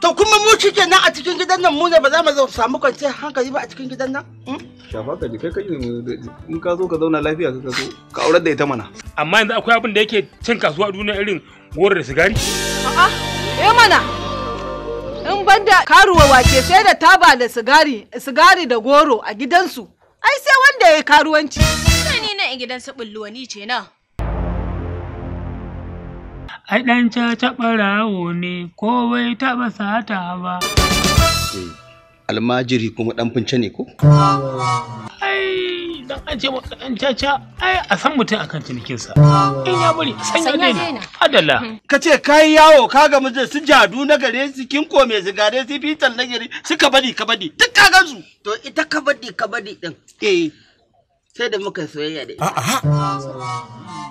To kuma mu nan a cikin gidan nan mu ne ba za mu samu kwanciyar hankali ba a cikin gidan nan? Hmm? Shafa ka ji kai kai in ka zo ka zauna lafiya ka zo ka aurar da ita mana. Amma yanzu akwai abin da yake cin kasuwa a duniya irin goro da sigari? A'a, eh mana. In banda karuwa wake sai da taba da sigari, sigari da goro a gidansu. Ai sai wanda ya yi karuwanci. 'yan gidan su bulluwa wani ce nan. A ɗan taɓa rawo ne, ko taɓa sata ba. Eh, almajiri kuma ɗan fince ne ko? Ai, dan an ce wa ɗan caca, ai a san mutum kan cinikinsa. In ya bari, a san ya daina. Adala. Hmm. Ka ce ka yi yawo, ka ga mijin su jadu na gare su kinko mai zigare su fitan na gari, su kabadi kabadi, duk ka gansu. To ita kabadi kabadi ɗin. Eh. sai da muka soyayya da ita.